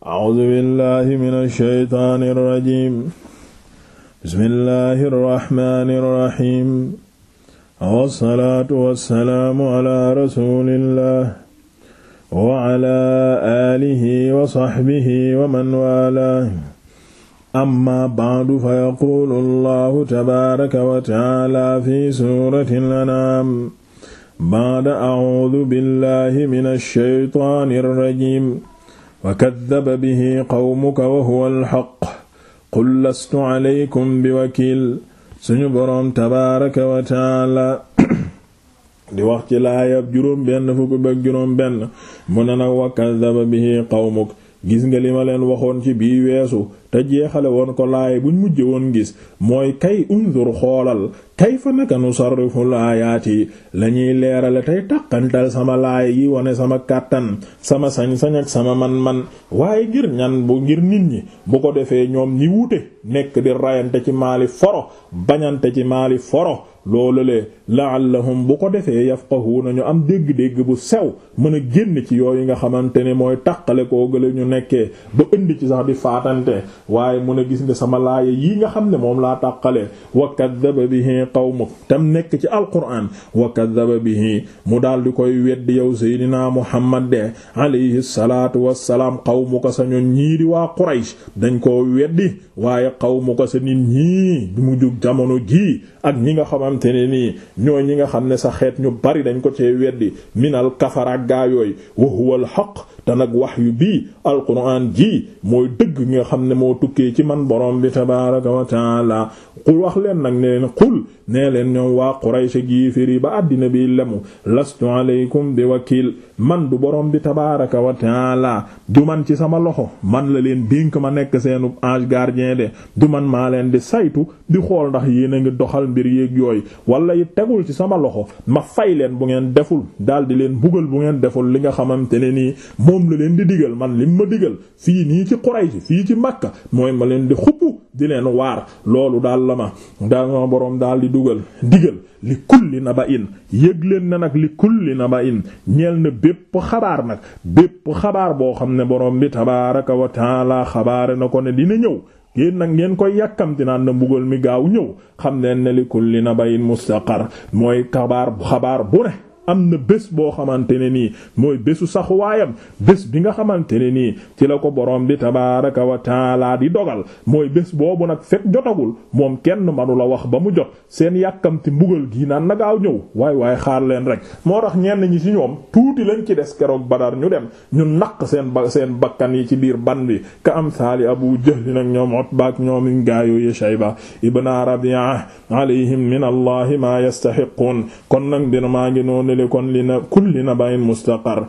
A'uuzu billaahi mina shaytaani rajiim bismillaahi rahmaani rahiim wassalaatu wassalaamu alaa rasuulillaah wa alaa aalihi wa sahbihi wa man waalaah amma ba'du fa yaquulu Allaahu tabaaraka wa ta'aalaa fi suuratil anaam ba'da a'uuzu billaahi mina shaytaani rajiim wa kaddaba bihi qawmuka wa huwa alxaq qul lastu alaykum bi wakiil suñu boroom tabaaraka wa taala di wax ci laayab juróom benn fukk ak juróom benn mu ne nag wa kaddaba bihi qawmuk gis nga li ma leen waxoon ci bii weesu te jeexale woon ko laay buñ mujje woon gis mooy kay unzur xoolal kayfa naka nusarrifu yi lañuy leerale tey takkantal sama laay yi wane sama kàttan sama sañ-sañ ak sama man-man waaye ngir ñan bu ngir nit ñi bu ko defee ñoom ñi wute nekk di rayante ci maali foro bañante ci maali foro loolu le la'allahum bu ko defee yafqahuuna nañu am dégg-dégg bu sew mën a génn ci yooyu nga xamante ne mooy taqale koo gële ñu nekkee ba indi ci sax di faatante waaye mu ne gis nga sama laaya yii nga xam ne moom laa tàqalee wa bi bihi qawmuk tam nekk ci alquran wa kaddaba bihi mu daal di koy weddi yow seydinaa muhammad de alayhi salaatu wassalaam qawmuka sa ñoon ñii di waa quraysh dañ koo weddi waaye ko sa nit ñii du mu jóg jamono jii ak ñi nga xamante ne nii ñoo ñi nga xam ne sa xeet ñu bari dañ ko cee weddi minal kafara gaayooy wa huwa al te nag wax yu bii alquran ji mooy dëgg nga xam ne moo tukkee ci man boroom bi tabaraka wa taala qul wax leen nag ne leen qul nee leen ñoom waa Quraysh gi firi ba àddina bi lemu lastu aleykum bi wakiil man du borom bi tabaraka wa taala du man ci sama loxo man la leen dénk ma nekk seenu ange gardien de du man maa leen di saytu di xool ndax yéen na ngi doxal mbir yéeg yooyu walla yi tegul ci sama loxo ma fay leen bu ngeen deful daldi leen bu ngeen deful li nga xamante ne nii moom la leen di digal man lim ma digal fii nii ci Quraysh fii ci Makka mooy ma leen di xupp di leen waar loolu daal la ma daal ma boroom daal di dugal digal li kulli na ba in yëg leen na nag li kulli na ba in ñeel na bépp xabaar nag bépp xabaar boo xam ne boroom bi tabaaraka wa taala xabaare na ko ne dina ñëw yéen nag ngeen koy yàkkamti naan na mbugal mi gaaw ñëw xam leen ne li kulli na ba in mustaqar mooy xabaar xabaar bu ne am na bés boo xamante ne nii mooy bésu saxuwaayam bés bi nga xamante ne nii ci la ko borom bi tabaaraka wa taala di dogal mooy bés boobu nag fekk jotagul moom kenn manu la wax ba mu jot seen yàkkamti mbugal gii naan na gaaw ñëw waaye waaye xaar leen rek moo tax ñenn ñi ci ñoom tuuti lañ ci des keroog Badar ñu dem ñu naq seen ba seen bakkan yi ci biir ban bi ka am saali Abu Jahl nag ñoom Utba ak ñoom iñ gaayoo yi Shayba ibn Rabi'a alayhim min Allah ma yastahiqun jële kon li na kulli nabain mustaqar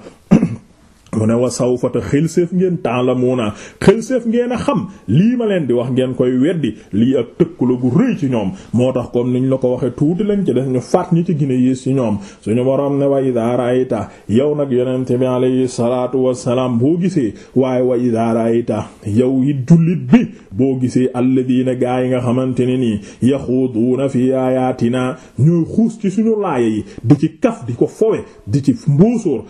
mu ne wa sawfa te xelséef ngeen ta'lamuna xelséef ngeen a xam lii ma leen di wax ngeen koy weddi lii ak tëkk la gu rëy ci ñoom moo tax ni niñ la ko waxee tuuti lañ ci def ñu faat ñi ci gine yées ci ñoom suñu borom ne wa idaa ra'ayta yow nag yonente bi alayhi salaatu wassalaam boo gisee waaye wa idaa ra'ayta yow yi jullit bi boo gisee alladina gaa yi nga xamante ne nii yaxuduuna fi ayatina ñooy xuus ci suñu laaya yi di ci kaf di ko fowe di ci mbuusóor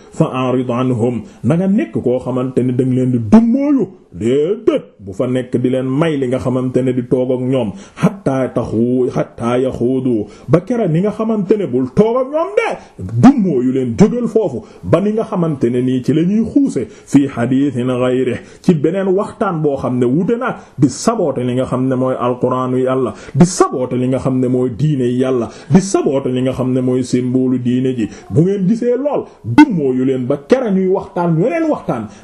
bañ a nekk koo xamante ne da nga leen di dummóoyu déedéet bu fa nekk di leen may li nga xamante ne di toog ak ñoom xattaa taxu xattaa yaxuudu ba kera ni nga xamante ne bul toog ak ñoom de dummóo yu leen jógal foofu ba ni nga xamante ne nii ci la ñuy xuuse fii hadithin ghayri ci beneen waxtaan boo xam ne wute naag di saboote li nga xam ne mooy alquraanu yàlla di saboote li nga xam ne mooy diine yàlla di saboote li nga xam ne mooy symbole diine ji ngeen gisee lool dummóo yu leen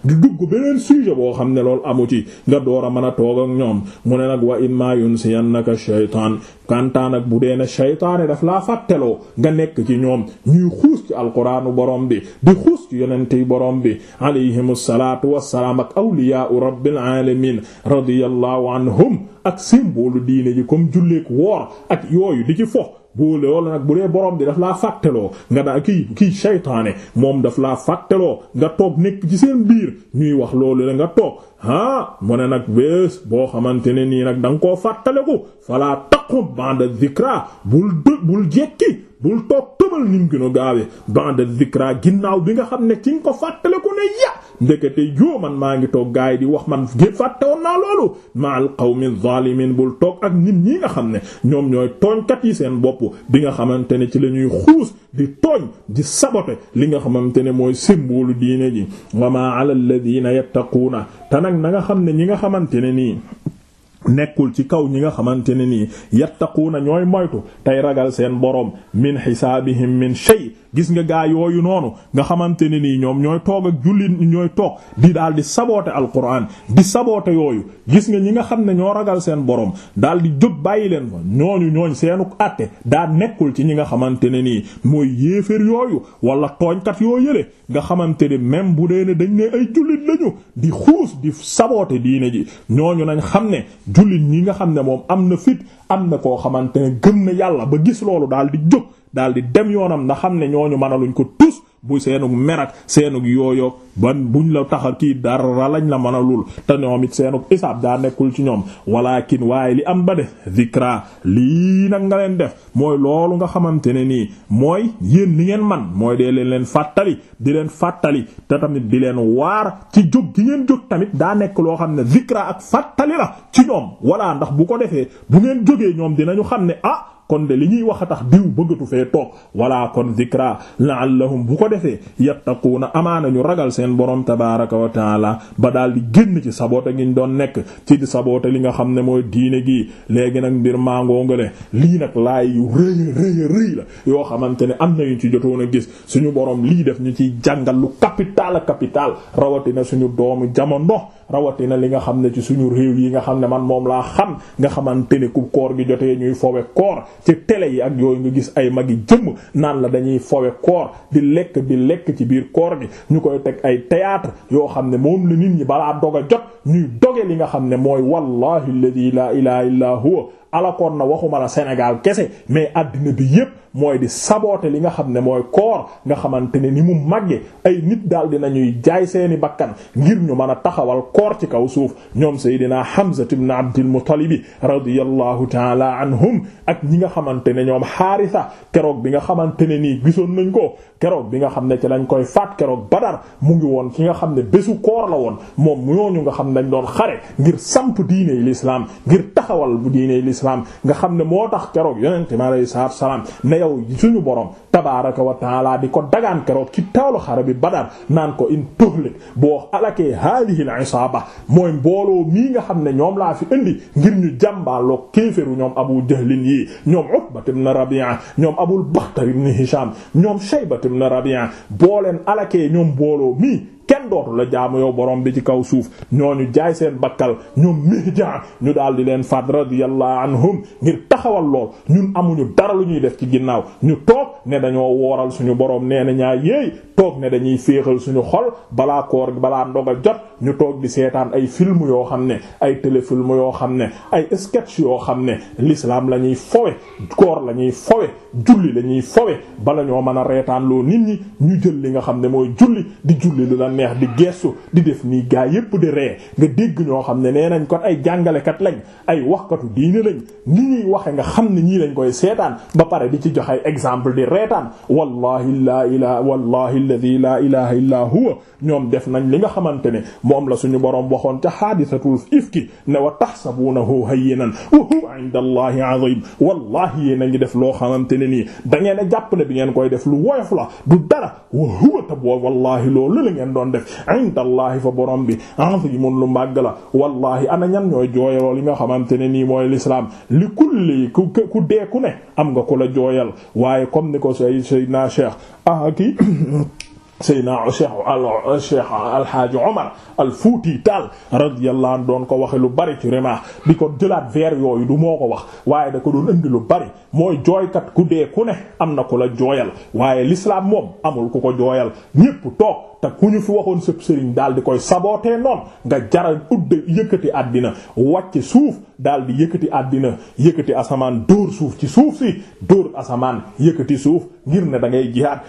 dugg beneen sujet boo xam ne lool lool amu ci nga door a a toog ak ñoom mu ne nag wa imma yunsiyannaka shaytaan kantaan ak bu dee ne shaytaane daf laa fàtteloo nga nekk ci ñoom ñuy xuus ci alquraanu borom bi di xuus ci yonente yi borom bi alayhim salaatu wassalaam ak awliyaa'u rabbil aalamiin radiyallahu anhum ak symbole diine ji comme julleek woor ak yooyu di ci fo boo loolu nag bu dee borom di daf laa fàttaloo nga daa kii kii saytaane moom daf laa fàttaloo nga toog nekk ci seen biir ñuy wax loolu la nga toog ah mu ne nag bés boo xamante ne nii nag da nga koo fàttaliku fala taqum ba'da dhikra bul bul jekki bul toog tëbal nim gën a gaawee ba'da zikra ginnaaw bi nga xam ne ci nga ko fàttaliku ne ya ndekete yoo man maa ngi toog gaay di wax man gé fàtte woon naa loolu ma'al qawmi zalimin bul toog ak nit ñi nga xam ne ñoom ñooy tooñkat yi seen bopp bi nga xamante ne ci la ñuy xuus di tooñ di sabote li nga xamante ne mooy simboolu diine ji wa ma ala alladhina yattaquuna te nag na nga xam ne ñi nga xamante ne nii nekkul ci kaw ñi nga xamante ne nii na ñooy moytu tey ragal seen boroom min xisaabihim min shay gis nga gaa yooyu noonu nga xamante ne nii ñoom ñooy toog ak jullit ñooy toog di daal di saboote alquran di saboote yooyu gis nga ñi nga xam ne ñoo ragal seen boroom daal di jóg bàyyi leen ma ñooñu ñooñ seenu àtte daa nekkul ci ñi nga xamante ne nii mooy yéeféer yooyu wala tooñkat yoo yële nga xamante ne même bu dee ne dañ ne ay jullit lañu di xuus di saboote diine ji ñooñu nañ xam jullit ñi nga xam ne moom am na fit am na koo xamante ne gëm na yàlla ba gis loolu daal di jóg daal di dem yoonam na xam ne ñooñu mënaluñ ko tus bu seenug merak seenug yooyo ban buñ la taxa kii dara lañ la mën a lul te ñoom it seenug isaab daa nekkul ci ñoom walakin waaye li am ba de zikra lii nag nga leen def mooy loolu nga xamante ne nii mooy yéen li ngeen man mooy dee leen leen fàttali di leen fàttali te tamit di leen waar ci jóg gi ngeen jóg tamit daa nekk loo xam ne zikra ak fàttali la ci ñoom walla ndax bu ko defee bu ngeen jógee ñoom dinañu xam ne ah kon de li ñuy wax a tax diw bëggatu fee toog wala kon zikra la'allahum bu ko defee yattaquuna amaana ñu ragal seen borom tabaaraka wa taala ba daal di génn ci saboota gi ñu doon nekk ci di saboota li nga xam ne mooy diine gi léegi nag mbir mangoo ngale lii nag laay yu rëy rëy rëy la yoo xamante ne am na yu ci jotoon a gis suñu borom lii def ñu ciy jàngal lu capital capital rawatina suñu doomu jamono rawatina li nga xam ne ci suñu réew yi nga xam ne man moom laa xam nga xamante ne ku koor gi jotee ñuy fowe koor ci tele yi ak yooyu nga gis ay mag yi jëmm naan la dañuy fowe koor di lekk bi lekk ci biir koor gi ñu koy teg ay théâtre yoo xam ne moom la nit ñi balaa dog a jot ñuy doge li nga xam ne mooy wallahi alladhi la ilaha illa huwa alakoon na waxuma la Sénégal kese mais àddina bi yépp mooy di saboter li nga xam ne mooy koor nga xamante ne ni mu màgge ay nit daal dinañuy jaay seeni bakkan ngir ñu mën a taxawal koor ci kaw suuf ñoom Seydina Hamza ibn Abdul Muttalib radiyallahu taala anhum ak ñi nga xamante ne ñoom Haarisa keroog bi nga xamante ne nii gisoon nañ ko keroog bi nga xam ne ci lañ koy faat keroog Badar mu ngi woon ci nga xam ne bésu koor la woon moom ñooñu nga xam ne dañ doon ngir samp diine taxawal bu l'islam nga xam ne moo tax keroog yonente mi alayhi salaatu salaam ne yow suñu borom tabaaraka wa taala di ko dagaan keroog ci taalu xare bi Badar naan ko in tuhlik boo alakee haadihi al-isaaba mooy mbooloo mii nga xam ne ñoom laa fi indi ngir ñu jàmbaaloo kéeféru ñoom Abu Jahlin yi ñoom Utba na Rabi'a ñoom Abul Bakhtar ibn Hisham ñoom Shayba ibn na boo booleen alakee ñoom mbooloo mii kenn dootu la jaamu yow borom bi ci kaw suuf ñoo ñu jaay seen bakkal ñu Mihjaan ñu daal di leen faat radiyallahu anhum ngir taxawal lool ñun amuñu dara lu ñuy def ci ginnaaw ñu toog ne dañoo wooral suñu boroom nee na ñaa yéey toog ne dañuy féexal suñu xol balaa koor balaa ndog a jot ñu toog di seetaan ay film yoo xam ne ay téléfilm yoo xam ne ay sketch yoo xam ne lislaam la ñuy fowe koor la ñuy fowe julli la ñuy fowe bala ñoo mën a reetaan loo nit ñi ñu jël li nga xam ne mooy julli di julli lu la neex di gestu di def nii gaa yépp di ree nga dégg ñoo xam ne nee nañ kon ay jàngalekat lañ ay waxkatu diine lañ ni ñuy waxe nga xam ne ñii lañ koy seetaan ba ci joxe exemple reetaan wallahi laa ilaa wallahi alladhi laa ilaha illaa huwa ñoom def nañ li nga xamante ne moom la suñu boroom waxoon ca xaadisatul ifki ne wa tahsabunahu hayyinan wa huwa inda allahi azim wallahi yéen a ngi def loo xamante ne nii da ngeen a jàpp bi ngeen koy def lu woyof la du dara wa huwa ta boo wallahi loolu la ngeen doon def inda allahi fa boroom bi azimun lu màgg la wallahi ana ñan ñooy jooyaloo li nga xamante ne nii mooy l'islam li kulli ku ku ne am nga ko la jooyal waaye comme ni ko say Seydina Cheikh ah kii Seydina Cheikh al Cheikh Alhaji Omar al Fuuti Taal radiyallahu anhu doon ko waxee lu bari ci rema di ko jëlaat vers yooyu du moo ko wax waaye da ko doon indi lu bari mooy jooykat ku dee ku ne am na ku la jooyal waaye lislaam moom amul ku ko jooyal ñépp toog. te ku ñu fi waxoon sëb sëriñ daal di koy sabootee noonu nga jara udde yëkkati àddina wàcc suuf daal di yëkkati àddina yëkkati asamaan dóor suuf ci suuf si dóor asamaan yëkkati suuf ngir ne da ngay jihaad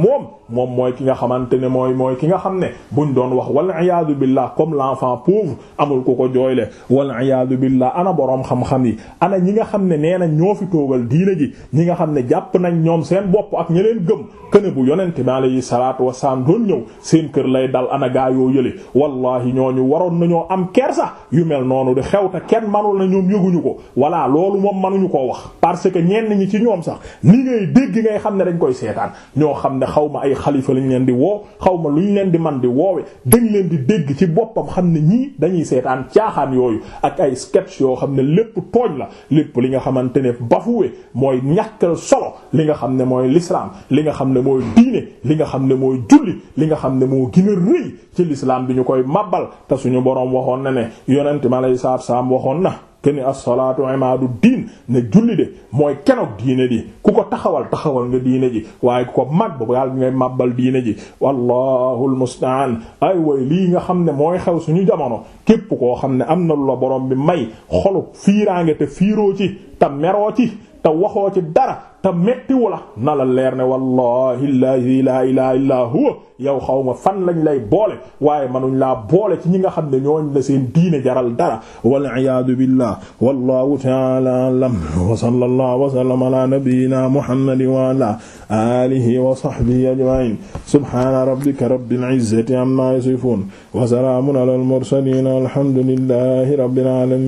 moom moom mooy ki nga xamante ne mooy mooy ki nga xam ne buñ doon wax wal iyaadu billah comme l'enfant pauvre amul ku ko jooyle wal iyaadu billah ana boroom xam-xam yi ana ñi nga xam ne nee na ñoo fi toogal ji ñi nga xam ne jàpp nañ ñoom seen bopp ak ñi gëm këne bu yonente bi alayhi salaatu wasalaam doon ñëw seen kër lay dal ana gaa yoo yële wallahi ñu waroon nañoo am kersa yu mel noonu di xew te kenn manul na ñoom yëguñu ko walaa loolu moom manuñu koo wax parce que ñenn ñi ci ñoom sax li ngay dégg ngay xam ne dañ koy seetaan ñoo xam ne xaw ma ay xalif fa ñu leen di woo xaw ma ñu leen di man di woowe dañ leen di dégg ci boppam xam ne ñii dañuy seetaan caaxaan yooyu ak ay sketch yoo xam ne lépp tooñ la lépp li nga xamante ne bafuwe mooy ñàkkal solo li nga xam ne mooy l'islam li nga xam ne mooy diine li nga xam ne mooy julli li nga xam ne moo gën a rëy ci lislaam bi ñu koy mabbal te suñu boroom waxoon na ne yonent ma lay saab saam waxoon na keni as-salaatu imaadu diin ne julli de mooy kenok diine di ko taxawal taxawal nga diine ji waaye ku ko mag ba yàlla ngay màbbal diine ji wallahu almustaan ay way lii nga xam ne mooy xew suñu jamono képp koo xam ne am na lu la bi may xolu fiiraange te fiiroo ci te meroo ci te waxoo ci dara te mettiwu la na la leer ne wallahi allahi la ilaha illaa huwa yow xaw ma fan lañ lay boole waaye manuñ laa boole ci ñi nga xam ne ñooñ la seen diine jaral dara waliyadu billah wallahu ta'ala a'lam wa sallallahu wa sallama ala nabiyyina muhammadin wa ala alihi wa sahbihi ajma'in subhana rabbika rabbil izzati amma yasifun wa salamun ala al mursalin alhamdulillahi rabbil alamin